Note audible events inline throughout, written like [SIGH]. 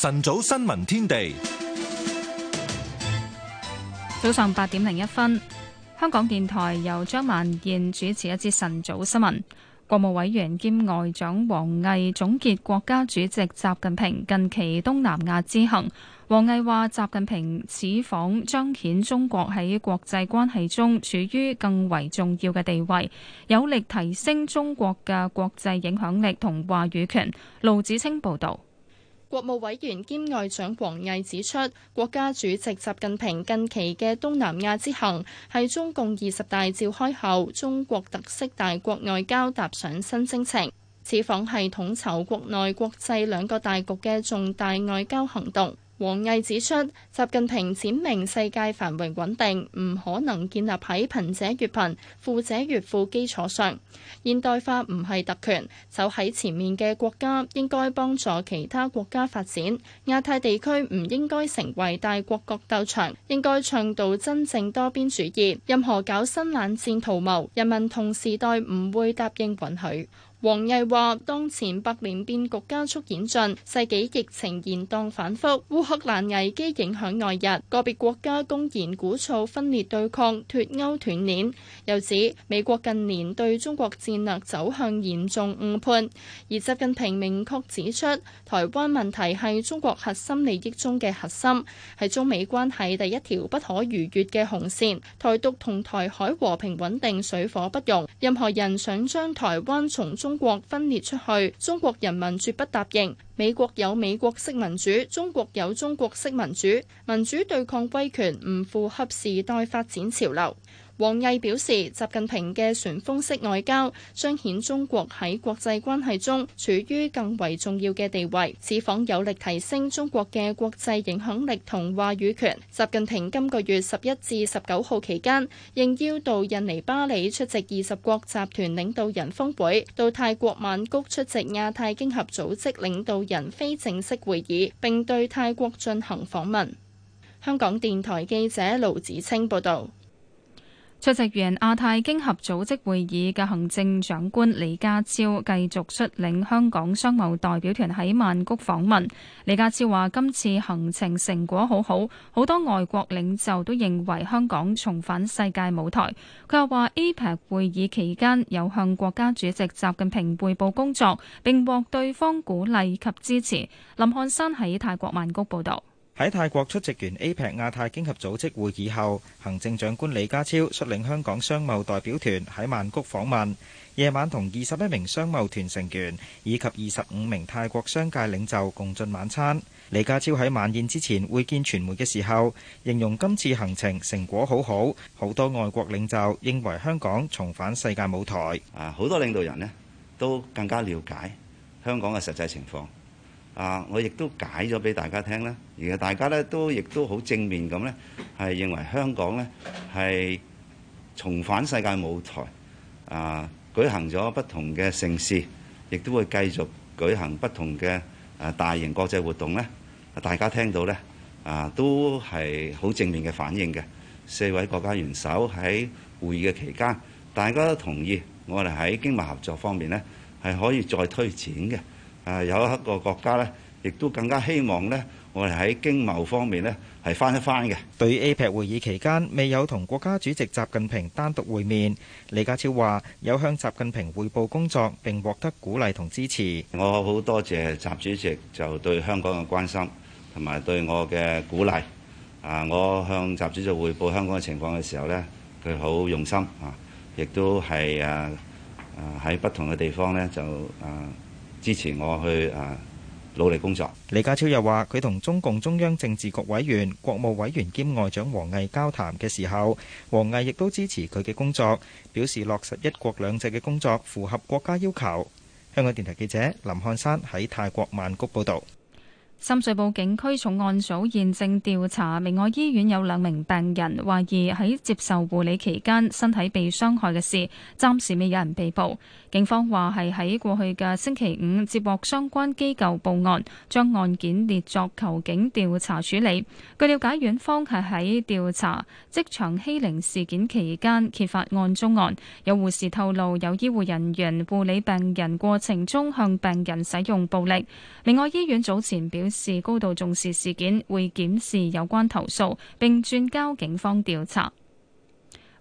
晨早新聞天地，早上八點零一分，香港電台由張萬燕主持一節晨早新聞。國務委員兼外長王毅總結國家主席習近平近期東南亞之行。王毅話：習近平此訪彰顯中國喺國際關係中處於更為重要嘅地位，有力提升中國嘅國際影響力同話語權。盧子清報道。國務委員兼外長王毅指出，國家主席習近平近期嘅東南亞之行，係中共二十大召開後中國特色大國外交踏上新征程，此訪係統籌國內國際兩個大局嘅重大外交行動。王毅指出，習近平闡明世界繁榮穩定唔可能建立喺貧者越貧、富者越富基礎上。現代化唔係特權，走喺前面嘅國家應該幫助其他國家發展。亞太地區唔應該成為大國角鬥場，應該倡導真正多邊主義。任何搞新冷戰圖謀，人民同時代唔會答應允許。王毅話：當前百年變局加速演進，世紀疫情延宕反覆，烏克蘭危機影響外日，個別國家公然鼓噪分裂對抗、脫歐斷鏈。又指美國近年對中國戰略走向嚴重誤判，而習近平明確指出，台灣問題係中國核心利益中嘅核心，係中美關係第一條不可逾越嘅紅線。台獨同台海和平穩定水火不容，任何人想將台灣從中中國分裂出去，中國人民絕不答應。美國有美國式民主，中國有中國式民主。民主對抗威權，唔符合時代發展潮流。王毅表示，習近平嘅旋風式外交，彰顯中國喺國際關係中處於更為重要嘅地位，此訪有力提升中國嘅國際影響力同話語權。習近平今個月十一至十九號期間，應邀到印尼巴里出席二十國集團領導人峰會，到泰國曼谷出席亞太經合組織領導人非正式會議，並對泰國進行訪問。香港電台記者盧子清報導。出席完亞太經合組織會議嘅行政長官李家超繼續率領香港商務代表團喺曼谷訪問，李家超話今次行程成果好好，好多外國領袖都認為香港重返世界舞台。佢又話：APEC 會議期間有向國家主席習近平匯報工作，並獲對方鼓勵及支持。林漢山喺泰國曼谷報道。喺泰國出席完 APEC 亞太經合組織會議後，行政長官李家超率領香港商貿代表團喺曼谷訪問，夜晚同二十一名商貿團成員以及二十五名泰國商界領袖共進晚餐。李家超喺晚宴之前會見傳媒嘅時候，形容今次行程成果好好，好多外國領袖認為香港重返世界舞台。啊，好多領導人呢都更加了解香港嘅實際情況。啊！我亦都解咗俾大家聽咧，而家大家咧都亦都好正面咁咧，係認為香港咧係重返世界舞台啊！舉行咗不同嘅盛事，亦都會繼續舉行不同嘅啊大型國際活動咧。大家聽到咧啊，都係好正面嘅反應嘅。四位國家元首喺會議嘅期間，大家都同意我哋喺經貿合作方面咧係可以再推展嘅。啊，有一個國家咧，亦都更加希望咧，我哋喺經貿方面咧係翻一翻嘅。對於 APEC 會議期間未有同國家主席習近平單獨會面，李家超話有向習近平匯報工作並獲得鼓勵同支持。我好多謝習主席就對香港嘅關心同埋對我嘅鼓勵。啊，我向習主席匯報香港嘅情況嘅時候咧，佢好用心啊，亦都係啊啊喺不同嘅地方咧就啊。支持我去誒努力工作。李家超又話，佢同中共中央政治局委員、國務委員兼外長王毅交談嘅時候，王毅亦都支持佢嘅工作，表示落實一國兩制嘅工作符合國家要求。香港電台記者林漢山喺泰國曼谷報道。深水埗警區重案組現正調查明愛醫院有兩名病人懷疑喺接受護理期間身體被傷害嘅事，暫時未有人被捕。警方話係喺過去嘅星期五接獲相關機構報案，將案件列作求警調查處理。據了解，院方係喺調查職場欺凌事件期間揭發案中案，有護士透露有醫護人員護理病人過程中向病人使用暴力。明愛醫院早前表市高度重視事件，會檢視有關投訴，並轉交警方調查。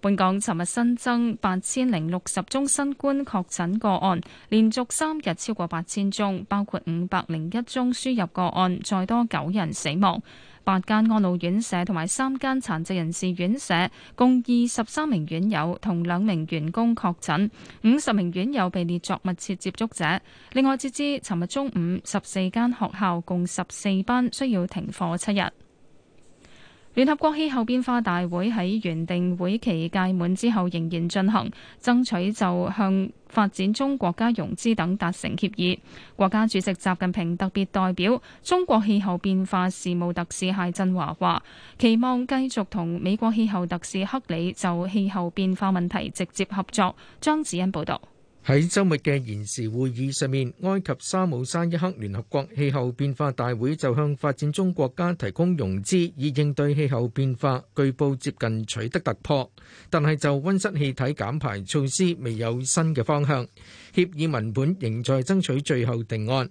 本港尋日新增八千零六十宗新冠確診個案，連續三日超過八千宗，包括五百零一宗輸入個案，再多九人死亡。八間安老院舍同埋三間殘疾人士院舍，共二十三名院友同兩名員工確診，五十名院友被列作密切接觸者。另外，截至尋日中午，十四間學校共十四班需要停課七日。聯合國氣候變化大會喺原定會期屆滿之後仍然進行，爭取就向發展中國家融資等達成協議。國家主席習近平特別代表中國氣候變化事務特使解振華話：期望繼續同美國氣候特使克里就氣候變化問題直接合作。張子欣報導。喺周末嘅延時會議上面，埃及沙姆沙伊赫聯合國氣候變化大會就向發展中國家提供融資以應對氣候變化，據報接近取得突破。但係就溫室氣體減排措施，未有新嘅方向。協議文本仍在爭取最後定案。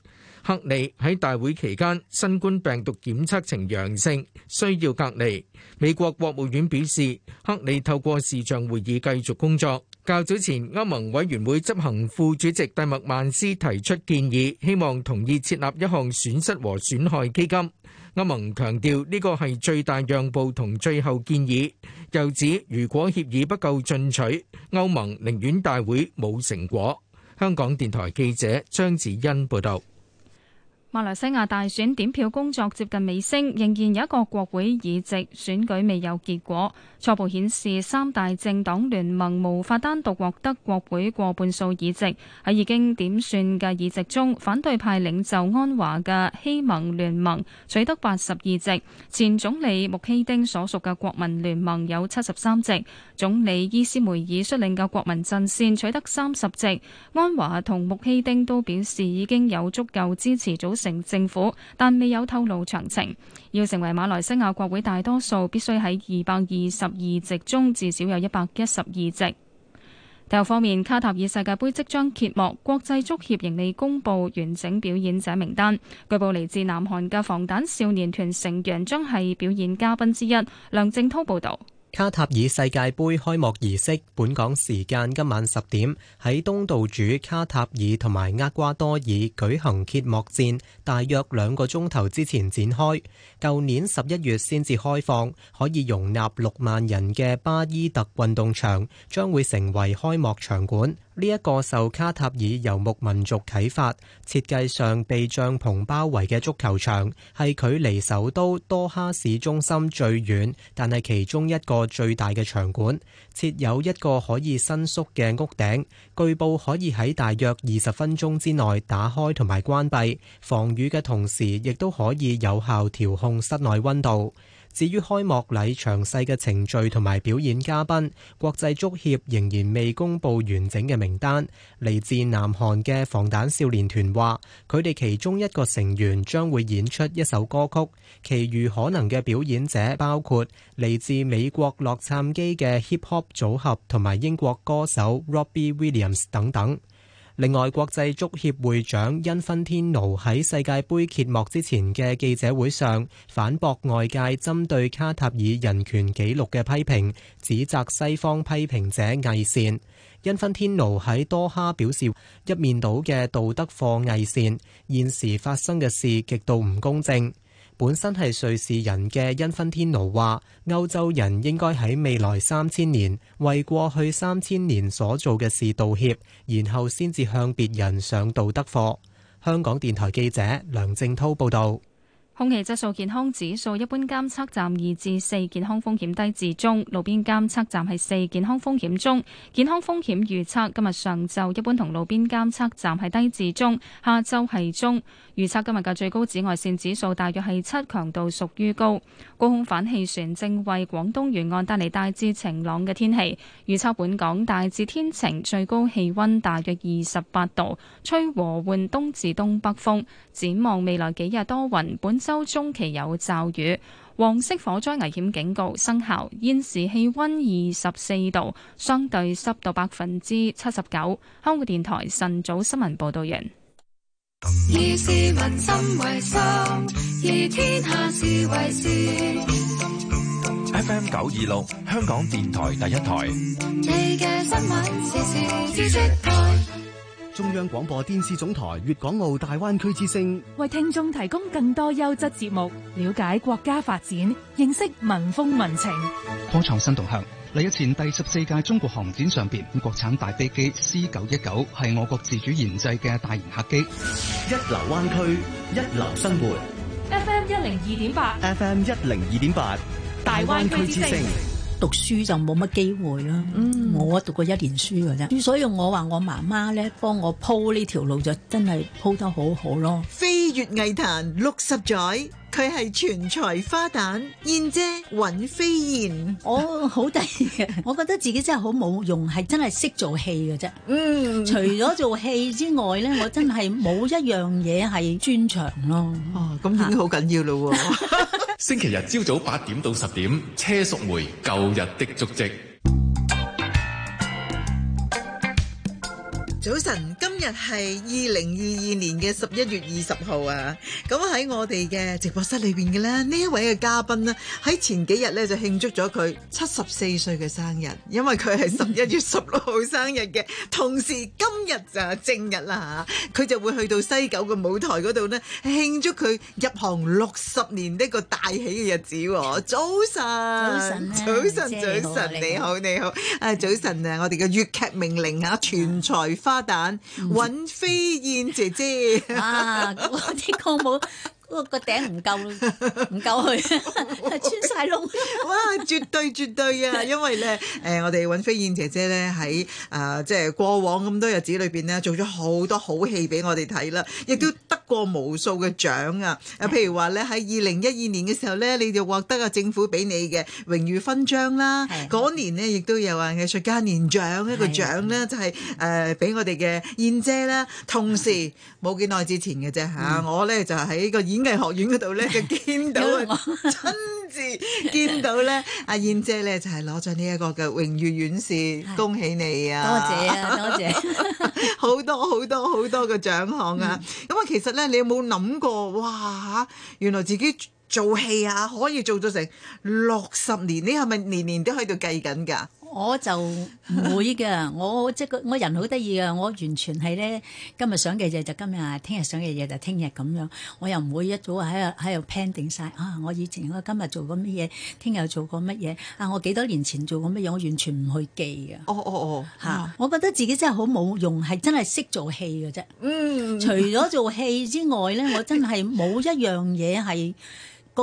克里喺大會期間，新冠病毒檢測呈陽性，需要隔離。美國國務院表示，克里透過視像會議繼續工作。較早前，歐盟委員會執行副主席戴默曼斯提出建議，希望同意設立一項損失和損害基金。歐盟強調呢個係最大讓步同最後建議，又指如果協議不夠進取，歐盟寧願大會冇成果。香港電台記者張子欣報道。馬來西亞大選點票工作接近尾聲，仍然有一個國會議席選舉未有結果。初步顯示，三大政黨聯盟無法單獨獲得國會過半數議席。喺已經點算嘅議席中，反對派領袖安華嘅希望聯盟取得八十二席，前總理穆希丁所屬嘅國民聯盟有七十三席，總理伊斯梅爾率領嘅國民陣線取得三十席。安華同穆希丁都表示已經有足夠支持組成。成政府，但未有透露詳情。要成為馬來西亞國會大多數，必須喺二百二十二席中至少有一百一十二席。體育方面，卡塔爾世界盃即將揭幕，國際足協仍未公布完整表演者名單，據報嚟自南韓嘅防彈少年團成員將係表演嘉賓之一。梁正濤報道。卡塔爾世界杯開幕儀式，本港時間今晚十點，喺東道主卡塔爾同埋厄瓜多爾舉行揭幕戰，大約兩個鐘頭之前展開。舊年十一月先至開放，可以容納六萬人嘅巴伊特運動場將會成為開幕場館。呢一個受卡塔爾遊牧民族啟發，設計上被帳篷包圍嘅足球場，係距離首都多哈市中心最遠，但係其中一個最大嘅場館，設有一個可以伸縮嘅屋頂，據報可以喺大約二十分鐘之內打開同埋關閉，防雨嘅同時，亦都可以有效調控室內溫度。至於開幕禮詳細嘅程序同埋表演嘉賓，國際足協仍然未公布完整嘅名單。嚟自南韓嘅防彈少年團話，佢哋其中一個成員將會演出一首歌曲。其餘可能嘅表演者包括嚟自美國洛杉磯嘅 hip hop 組合同埋英國歌手 Robbie Williams 等等。另外，國際足協會長恩芬天奴喺世界盃揭幕之前嘅記者會上，反駁外界針對卡塔爾人權紀錄嘅批評，指責西方批評者偽善。恩芬天奴喺多哈表示，一面倒嘅道德課偽善，現時發生嘅事極度唔公正。本身係瑞士人嘅恩芬天奴話，歐洲人應該喺未來三千年為過去三千年所做嘅事道歉，然後先至向別人上道德課。香港電台記者梁正濤報道。空氣質素健康指數一般監測站二至四，健康風險低至中；路邊監測站係四，健康風險中。健康風險預測今日上晝一般同路邊監測站係低至中，下晝係中。預測今日嘅最高紫外線指數大約係七，強度屬於高。高空反氣旋正為廣東沿岸帶嚟大致晴朗嘅天氣。預測本港大致天晴，最高氣溫大約二十八度，吹和緩東至東北風。展望未來幾日多雲，本周。周中期有驟雨，黃色火災危險警告生效。現時氣溫二十四度，相對濕度百分之七十九。香港電台晨早新聞報道人。以市民心為心，以天下事為事。F M 九二六，香港電台第一台。嗯中央廣播電視總台粵港澳大灣區之聲為聽眾提供更多優質節目，了解國家發展，認識民風民情。科創新動向，嚟日前第十四屆中國航展上邊，咁國產大飛機 C 九一九係我國自主研製嘅大型客機。一流灣區，一流生活。F M 一零二點八，F M 一零二點八，大灣區之聲。讀書就冇乜機會啦，嗯、我讀過一年書㗎啫，所以我話我媽媽呢，幫我鋪呢條路就真係鋪得好好咯。飛越藝壇六十載。佢係全才花旦燕姐雲飛燕，我好得意，我覺得自己真係好冇用，係真係識做戲嘅啫。嗯， [LAUGHS] 除咗做戲之外咧，我真係冇一樣嘢係專長咯。哦，咁已經好緊要咯。 [LAUGHS] [LAUGHS] 星期日朝早八點到十點，車淑梅舊日的足跡。早晨，今日係二零二二年嘅十一月二十號啊！咁、嗯、喺我哋嘅直播室裏邊嘅咧，呢一位嘅嘉賓咧、啊，喺前幾日咧就慶祝咗佢七十四歲嘅生日，因為佢係十一月十六號生日嘅。嗯、同時今日就係正日啦、啊、吓，佢、嗯、就會去到西九嘅舞台度咧慶祝佢入行六十年呢個大喜嘅日子、啊。早晨，早晨，啊、早晨，早晨，早晨，你好，你好，誒，早晨啊，嗯、我哋嘅粵劇名伶啊，全才。花旦，尹飛、嗯、燕姐姐。啊，我呢個冇。個個頂唔夠，唔夠去，穿晒窿。哇！絕對絕對啊！因為咧，誒、 [LAUGHS] 呃，我哋尹飛燕姐姐咧，喺誒即係過往咁多日子裏邊咧，做咗好多好戲俾我哋睇啦，亦都得過無數嘅獎啊！誒，譬如話咧，喺二零一二年嘅時候咧，你就獲得啊政府俾你嘅榮譽勛章啦。嗰的年呢，亦都有話藝術家年獎的一個獎咧，就係誒俾我哋嘅燕姐啦。同時冇幾耐之前嘅啫嚇，我咧就喺個演藝術學院嗰度咧，就見到親 [LAUGHS] 自見到咧，阿、 [LAUGHS] 啊、燕姐咧就係攞咗呢一個嘅榮譽院士， [LAUGHS] 恭喜你啊！ [LAUGHS] [LAUGHS] 很多謝啊，多謝、嗯！好多好多好多嘅獎項啊！咁啊，其實咧，你有冇諗過哇，原來自己做戲啊，可以做咗成六十年，你係咪年年都喺度計緊噶？我就唔會㗎，我即係個我人好得意㗎，我完全係咧，今日想嘅嘢就今日，聽日想嘅嘢就聽日咁樣。我又唔會一早喺度喺度 pending 曬啊！我以前我今日做過乜嘢，聽日做過乜嘢啊！我幾多年前做過乜嘢，我完全唔去記嘅。哦哦哦，嚇！我覺得自己真係好冇用，係真係識做戲嘅啫。嗯，mm. 除咗做戲之外咧， [LAUGHS] 我真係冇一樣嘢係。